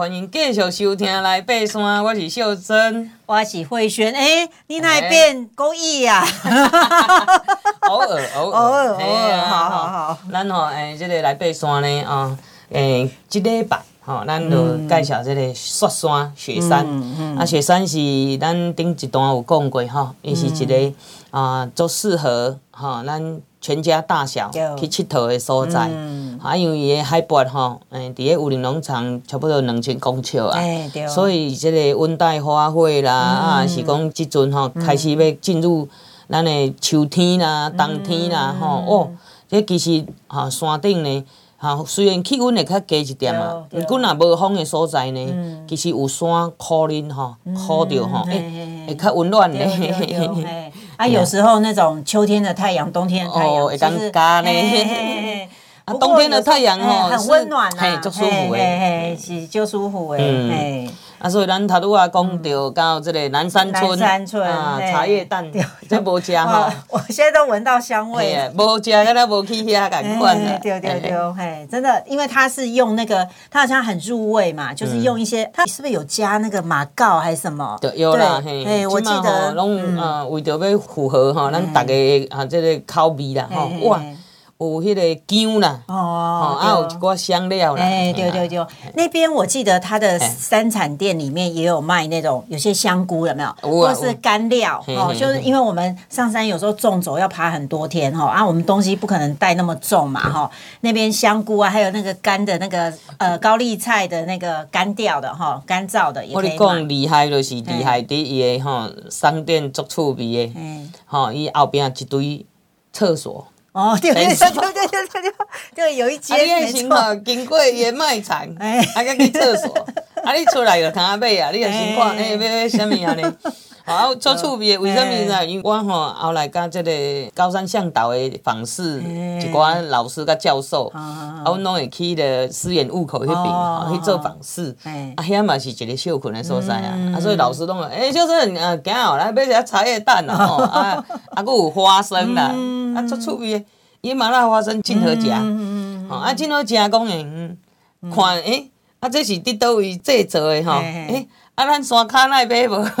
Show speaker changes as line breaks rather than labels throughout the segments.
歡迎繼續收聽來爬山，我是秀真，我是慧諼，誒、欸，你那邊故意呀、啊？偶爾偶爾偶爾偶爾，好好好，咱吼，誒，即個來爬山呢，哦，誒，即、欸這個吧。哦欸這個吼、哦，咱著介紹即個雪山雪山，嗯嗯，啊，雪山是咱頂一段有講過吼，伊、哦、是一個啊，足、嗯呃、適合吼、哦，咱全家大小去佚佗的所在、嗯，啊，因為伊的海拔吼，誒、哦，佇個武陵農場差不多兩千公尺啊、欸，對，所以即、這個溫帶花卉啦、嗯，啊，是講即陣吼開始要進入咱的秋天啦、冬天啦，吼、嗯、哦、哦，這其實吼、哦、山頂咧。哈，雖然氣溫會較低一點啊，不過若無風的所在呢、嗯，其實有山烤恁吼，烤着吼，哎、欸，會較溫暖嘞、欸。啊，有時候那種秋天的太陽，冬天的太陽、哦、會更加呢。冬天的太陽哦、喔，很溫暖啊，就舒服哎，是就舒服哎。嗯啊，所以咱頭拄啊講到到這個南山村，嗯、啊，茶葉蛋，嗯、這無食吼。我現在都聞到香味了，沒吃。對啊，無食，現在無去
遐參觀了。丟丟丟，嘿，真的，因為它是用那個，它好像很入味嘛，就是用一些，
它是不是有加那個馬告還是什麼？對有啦，嘿，我記得，攏呃、嗯、為着要符合哈，咱大家啊這個口味啦，吼，哇。有迄個薑啦，
哦，啊，有一
掛香料啦。哎、欸，對對對、
對，嗯，那邊我記得它的山產店裡面也有賣那種、欸、有些香菇，有沒有？有、啊？或是乾料？啊嗯、哦，嘿嘿嘿就是因為我們上山有時候縱走要爬很多天哈、哦，啊，我們東西不可能帶那麼重嘛哈、哦。那邊香菇啊，還有那個乾的那個呃高麗菜的那個乾掉的哈，乾、哦、燥的也可以買。我講
厲害就是厲害的伊個商店做厝邊個，嗯，哈，伊後邊一堆廁所。哦，對對對對對對，對，有一節、啊。經過也賣場，還敢、啊、去廁所。 啊，你出來就扛被啊，你就先看，誒、欸，要、欸、要什麼樣的？ 啊、喔，出厝邊為甚物呢？因為我吼後來甲即個高山向導的訪視，一寡老師甲教授，啊，阮攏會去咧思源戶口迄邊吼去做訪視、um,。啊，遐嘛是，是一個小群的所在啊、um,，啊，所以老師攏講，哎、欸，先、就是 um, 啊、生，呃、um, 啊，今日來買些茶葉蛋啊吼、um, 啊 um, 啊 um,，啊，啊，佫有花生啦，啊，出厝邊的野麻辣花生真好食，嗯，吼，啊，真好食，講的，看，誒、欸，啊，這是佇倒位製造誒吼。哎。啊，咱山骹那杯無，山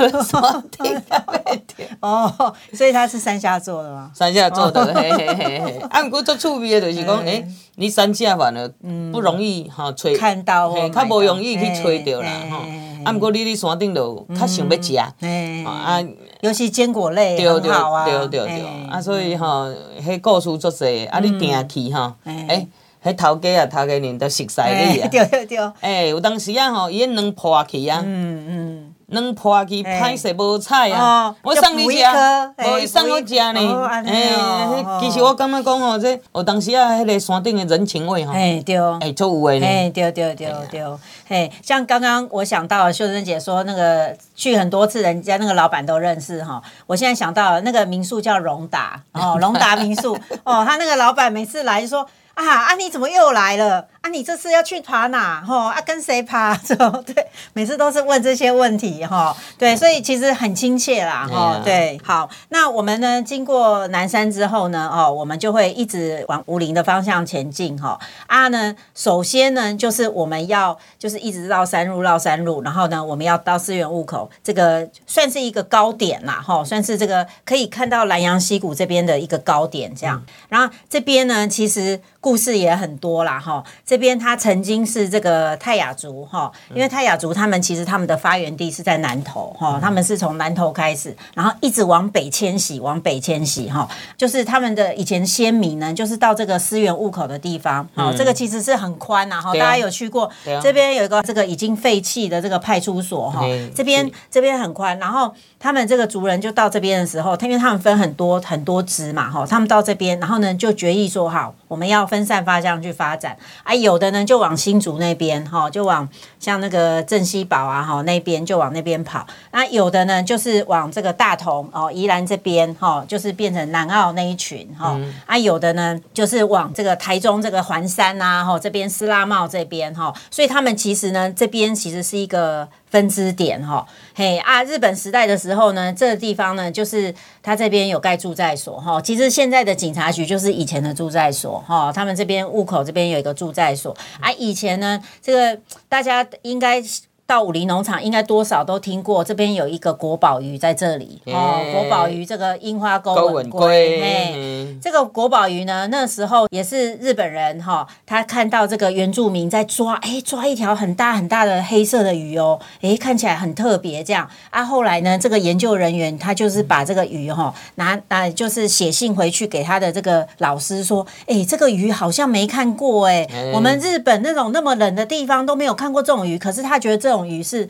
頂那杯甜。 哦，所以他是山下做的嗎？山下做的，哦、嘿嘿嘿嘿。啊，毋過做趣味的，就是講，誒、欸欸，你山下反而、嗯、不容易哈，看到，到嘿，較無容易去找着啦，吼、欸，啊，毋過你咧山頂度，較想要食，啊，尤其堅果類很好啊。對對對，對，對，欸、啊，所以吼迄故事做儕，啊，你定去吼。哎。欸欸喺頭家啊，頭家人都熟似你啊。對對對。誒、欸，有當時啊吼，伊迄卵破去啊。嗯嗯。卵破去歹勢無菜啊、哦。我送你一,一,一哦，伊送我只呢。誒、欸哦欸，其實我感覺講吼、哦，這有當時啊，迄、那個山頂的人情味吼。誒、欸，對。誒、欸，足有誒呢？誒、欸，對對對對，對，對。誒、哎欸，
像剛剛我想到了秀真姐說那個去很多次，人家那個老闆都認識哈、哦。我現在想到那個民宿叫榮達哦，榮達民宿 哦，他那個老闆每次來就說。啊，啊你怎麼又來了？啊，你這次要去爬哪？哈，啊，跟誰爬？哦，對，每次都是問這些問題，哈，對，所以其實很親切啦，哈，對，好，那我們呢，經過南山之後呢，哦，我們就會一直往武陵的方向前進，哈，啊，呢，首先呢，就是我們要就是一直繞山路繞山路，然後呢，我們要到思源埡口，這個算是一個高點啦哈，算是這個可以看到蘭陽溪谷這邊的一個高點，這樣，然後這邊呢，其實故事也很多啦哈。這邊他曾經是這個泰雅族哈，因為泰雅族他們其實他們的發源地是在南投哈，他們是從南投開始，然後一直往北遷徙，往北遷徙哈，就是他們的以前先民呢，就是到這個思源埡口的地方，哦，這個其實是很寬吶哈，大家有去過，這邊有一個這個已經廢棄的這個派出所哈，這邊這邊很寬，然後他們這個族人就到這邊的時候，因為他們分很多很多支嘛哈，他們到這邊，然後呢就決議說好，我們要分散發疆去發展，哎。有的呢，就往新竹那邊哈，就往像那個鎮西堡啊哈那邊，就往那邊跑。那有的呢，就是往這個大同哦、宜蘭這邊哈，就是變成南澳那一群哈。啊、嗯，那有的呢，就是往這個台中這個環山吶、啊、哈這邊、斯拉茂這邊哈。所以他們其實呢，這邊其實是一個。分支點哈嘿，啊，日本時代的時候呢，這個地方呢就是他這邊有蓋住宅所哈。其實現在的警察局就是以前的住宅所哈。他們這邊戶口這邊有一個住宅所啊，以前呢，這個大家應該。到武陵農場應該多少都聽過，這邊有一個國寶魚在這裡哦、欸喔，國寶魚這個櫻花鉤吻鮭，鉤吻鮭、欸嗯、這個國寶魚呢，那時候也是日本人哈、喔，他看到這個原住民在抓，哎、欸，抓一條很大很大的黑色的魚哦、喔，哎、欸，看起來很特別這樣。啊，後來呢，這個研究人員他就是把這個魚哈拿啊，拿就是寫信回去給他的這個老師說，哎、欸，這個魚好像沒看過、欸，哎、欸，我們日本那種那麼冷的地方都沒有看過這種魚，可是他覺得這種。魚是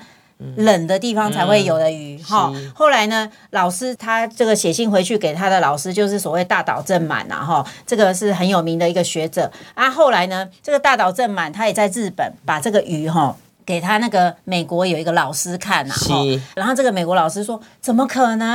冷的地方才會有的魚哈、嗯，後來呢，老師他這個寫信回去給他的老師，就是所謂大島正滿吶哈，這個是很有名的一個學者啊，後來呢，這個大島正滿他也在日本把這個魚哈。給他那個美國有一個老師看吶，然後這個美國老師說：“怎麼可能？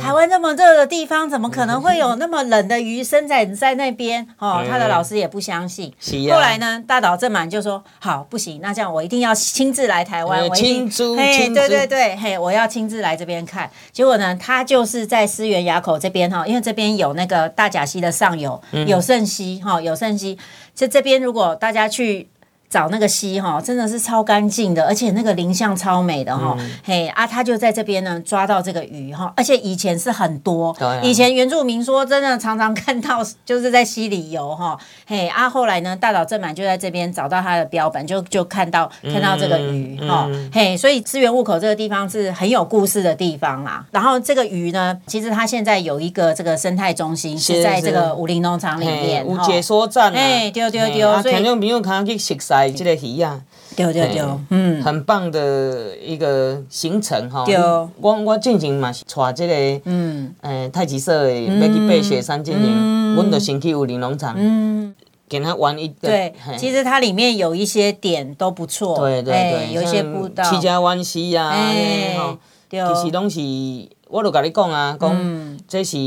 台灣這麼熱的地方，怎麼可能會有那麼冷的魚生產在那邊？”哦、嗯，他的老師也不相信。啊、後來呢，大島正滿就說：“好，不行，那這樣我一定要親自來台灣，嗯、親我一定親，對對對，嘿，我要親自來這邊看。”結果呢，他就是在思源埡口這邊哈，因為這邊有那個大甲溪的上游，有勝溪哈，有勝溪。這邊如果大家去。找那個溪哈，真的是超乾淨的，而且那個林相超美的哈、嗯。嘿啊，他就在這邊呢抓到這個魚哈，而且以前是很多、啊，以前原住民說真的常常看到，就是在溪裡游哈。嘿啊，後來呢，大島正滿就在這邊找到他的標本，就就看到看到這個魚哈、嗯。嘿，嗯、所以思源埡口這個地方是很有故事的地方啦。然後這個魚呢，其實它現在有一個這個生態中心是在這個武陵農場裡面，嗯嗯嗯、有解說站。哎，丢丢丢，所以
朋友剛剛去實習。這個魚啊，對對對、欸，嗯，很棒的一個行程哈、喔。對。我我之前嘛，帶這個嗯，呃、欸，太極社的要、嗯、去爬雪山進行。嗯。我們就先去武陵農場。嗯。給他玩一。對、欸，其實
它裡面有一些點都不錯。對對對。哎、欸，有一些步道。七家
灣溪啊，哎、欸，吼、喔，其實攏是，我都跟你講、嗯、啊，講這是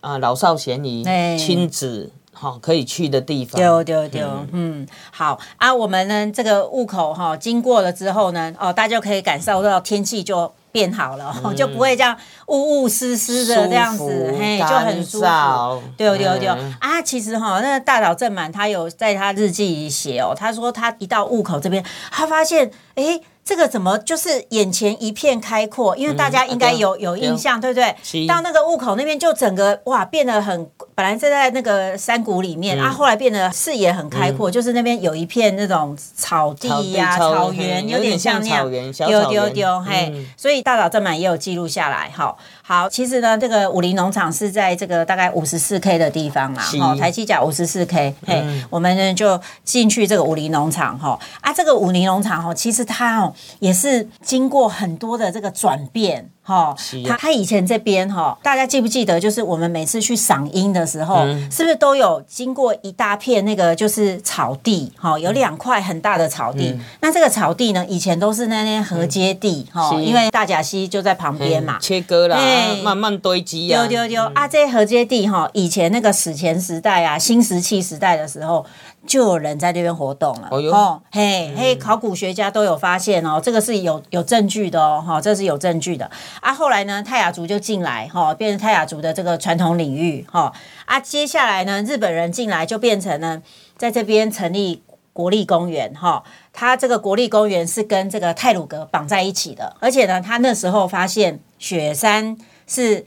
啊老少咸宜親子。欸好、哦，可以去的地方。對、哦、對對、哦嗯，嗯，好
啊。我們呢，這個霧口哈，經過了之後呢，哦，大家就可以感受到天氣就變好了，嗯、就不會這樣霧霧濕濕的這樣子，嘿，就很舒服。對對、哦、對、嗯嗯，啊，其實哈、哦，那個、大島正滿他有在他日記裡寫哦，他說他一到霧口這邊，他發現，哎，這個怎麼就是眼前一片開闊？因為大家應該有、嗯啊哦、有印象，對不、哦、對,、哦對哦？到那個霧口那邊就整個哇變得很。本來是在那個山谷裡面、嗯、啊，後來變得視野很開闊、嗯，就是那邊有一片那種草地呀、啊、草地、草原、嗯、草原，有點像那樣，丢丢丟嘿。所以大島正滿也有記錄下來，哈。好，其實呢，這個武陵農場是在這個大概五十四 K 的地方嘛。哦，台七甲五十四 K，嘿，我們呢就進去這個武陵農場哈，啊，這個武陵農場哈，其實它哦也是經過很多的這個轉變哈，它、啊、它以前這邊哈，大家記不記得，就是我們每次去賞櫻的時候、嗯，是不是都有經過一大片那個就是草地哈，有兩塊很大的草地、嗯，那這個草地呢，以前都是那些河階地哈、嗯，因為大甲溪就在旁邊嘛、嗯，切
割了。慢慢堆積呀、啊，丢丢
丟啊！這河階地哈，以前那個史前時代啊，新石器時代的時候，就有人在這邊活動了。哦喲、哦、嘿、嗯、嘿，考古學家都有發現哦，這個是有有證據的哦，哈，這是有證據的啊。後來呢，泰雅族就進來，哈、哦，變成泰雅族的這個傳統領域，哈、哦、啊。接下來呢，日本人進來就變成呢在這邊成立國立公園，哈、哦，它這個國立公園是跟這個太魯閣綁在一起的，而且呢，他那時候發現雪山。是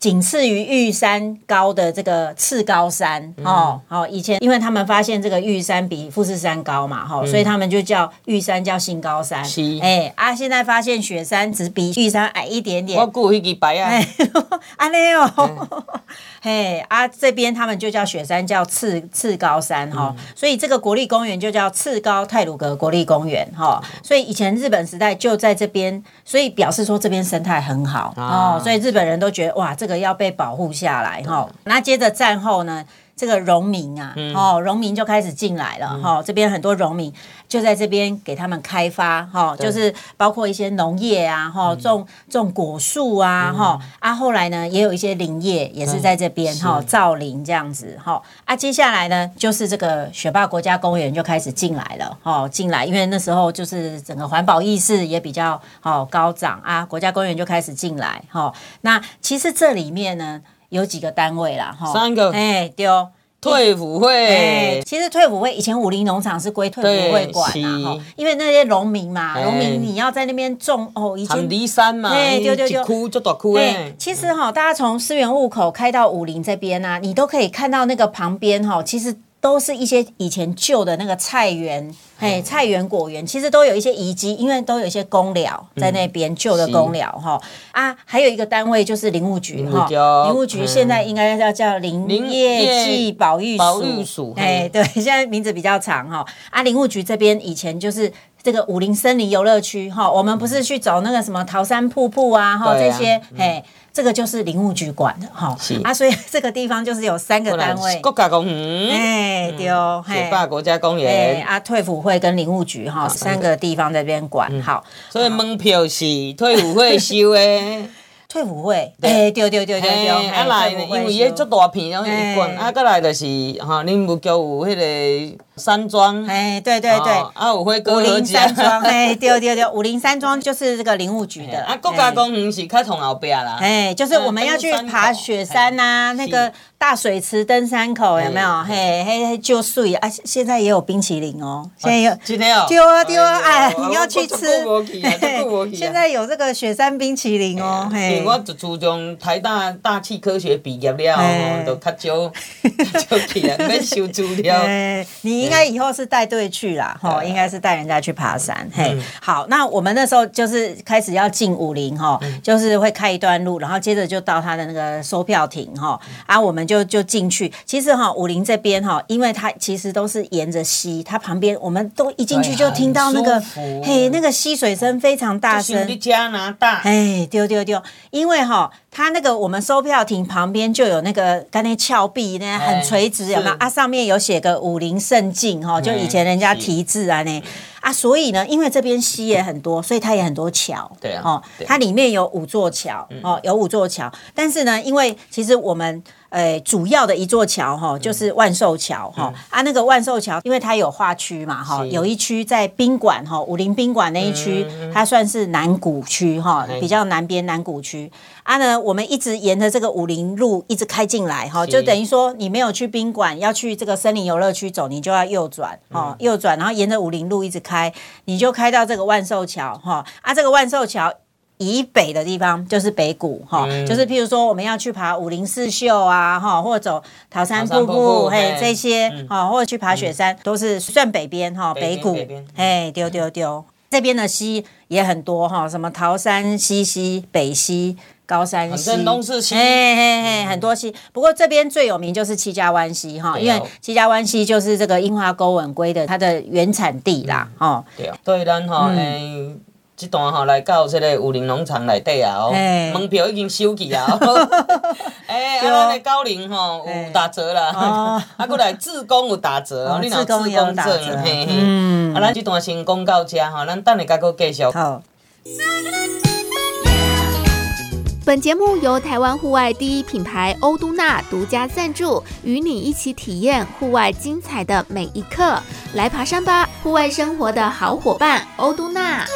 僅次於玉山高的這個次高山，嗯、哦，好以前因為他們發現這個玉山比富士山高嘛，嗯，所以他們就叫玉山叫新高山，哎啊，現在發現雪山只比玉山矮一點點，我有白啊，哎 嘿、hey, 啊，這邊他們就叫雪山，叫次次高山哈、嗯，所以這個國立公園就叫次高太魯閣國立公園哈、嗯，所以以前日本時代就在這邊，所以表示說這邊生態很好哦、啊，所以日本人都覺得哇，這個要被保護下來哈，那接着戰後呢？這個農民啊、嗯，哦，農民就開始進來了哈、哦。這邊很多農民就在這邊給他們開發哈、嗯哦，就是包括一些農業啊，哈、哦嗯，種種果樹啊，哈、嗯哦。啊，後來呢，也有一些林業也是在這邊哈，造、哦、林這樣子哈、哦。啊，接下來呢，就是這個雪霸國家公園就開始進來了哈、哦，進來，因為那時候就是整個環保意識也比較好高漲啊，國家公園就開始進來哈、哦。那其實這裡面呢。有幾個單位啦，哈、哦，三個，哎、欸，對
退輔會、欸，
其實退輔會以前武陵農場是歸退輔會管啊，因為那些農民嘛，欸、農民你要在那邊種哦，以前離山嘛，對，就就
就，大塊，對，欸、
其實哈、哦嗯，大家從思源路口開到武陵這邊啊，你都可以看到那個旁邊哈、哦，其實都是一些以前舊的那個菜園。哎，菜園、果園其實都有一些遺跡，因為都有一些公寮在那邊舊、嗯、的公寮哈啊，還有一個單位就是林務局哈、嗯，林務局現在應該要叫林業及保育署，哎對、嗯，現在名字比較長哈、嗯、啊，林務局這邊以前就是這個武陵森林遊樂區哈，我們不是去走那個什麼桃山瀑布啊哈、啊、這些、嗯這個就是林務局管的
哈，啊，所
以這個地方就是有三個單位：
國家公園，哎、嗯，對，
嘿、嗯，雪霸國家公園、欸，啊，退輔會跟林務局哈，三個地方在這邊管好，好、嗯、好，
所以門票是退輔會收的， 退輔會，對對對對對，哎，啊來，因為迄足大片，哦，一、欸、郡，啊，再來就是哈，林務局有迄、那個。山莊，哎，對對對，哦、啊，五峰哥，武陵山莊，哎，丟丟丟，武陵
山莊就是這個林務
局的。啊，國家公園是開通後壁啦。哎，就是我們要去
爬雪山吶、啊，那個大水池登山口有沒有？嘿，嘿、那個，嘿，就睡啊，現在也有冰淇淋哦、喔，現在有，丟啊丟啊，哎、啊啊啊啊啊啊啊啊，你要去吃去去？現在有這個雪山冰淇淋哦、喔啊，嘿，啊、
我自初中台大大氣科學畢業了，都較少，就去啦，要修資料，
你。應該以後是帶隊去啦，吼、啊，應該是帶人家去爬山，啊、嘿、嗯，好，那我們那時候就是開始要進武陵哈、嗯，就是會開一段路，然後接着就到他的那個收票亭，哈、嗯，啊，我們就就進去。其實哈、哦，武陵這邊哈，因為它其實都是沿着溪，它旁邊我們都一進去就聽到那個、哦、嘿，那個溪水聲非常大聲。加拿大，嘿，丢丢丢，因為哈、哦。他那個我們收票亭旁邊就有那個跟那峭壁呢，很垂直，有沒有啊？上面有寫個“武陵勝境”哈，就以前人家題字啊呢、嗯。 啊，所以呢，因為這邊溪也很多，所以它也很多橋。 對、啊、哦，它裡面有五座橋、嗯，哦，有五座橋。但是呢，因為其實我們呃、欸、主要的一座橋哈、哦嗯，就是萬壽橋哈。啊，那個萬壽橋，因為它有劃區嘛哈、哦，有一區在賓館哈，武陵賓館那一區、嗯，它算是南谷區哈，比較南邊南谷區。啊呢，我們一直沿着這個武陵路一直開進來哈、哦，就等於說你沒有去賓館，要去這個森林遊樂區走，你就要右轉、嗯、哦，右轉，然後沿着武陵路一直開。開，你就開到這個萬壽橋哈啊，這個萬壽橋以北的地方就是北谷哈，就是譬如說我們要去爬武陵四秀啊哈，或者走桃山瀑布嘿，這些哈、嗯，或者去爬雪山都是算北邊哈北谷北北嘿，丟丟丟。這邊的溪也很多哈，什麼桃山西溪,溪、北溪、高山溪,溪、啊、東勢溪嘿嘿嘿、嗯、很多溪。不過這邊最有名就是七家灣溪哈、啊，因為七家灣溪就是這個櫻花鈎吻鮭的它的原產地啦，
對啊，嗯、對啊、嗯這段吼，來到這個武陵農場內底啊，哦，門、hey. 票已經收起、哦、 hey, 啊。哎，的、啊、高齡吼、哦 hey. 有打折啦，oh. 啊，啊，過來志工有打折、oh, 你拿志工證， 打折 嗯，啊，咱這段先講到這哈，咱等下再佫繼續。好。
本節目由台灣戶外第一品牌歐都娜獨家贊助，與你一起體驗戶外精彩的每一刻，來爬山吧！戶外生活的好伙伴，歐都娜。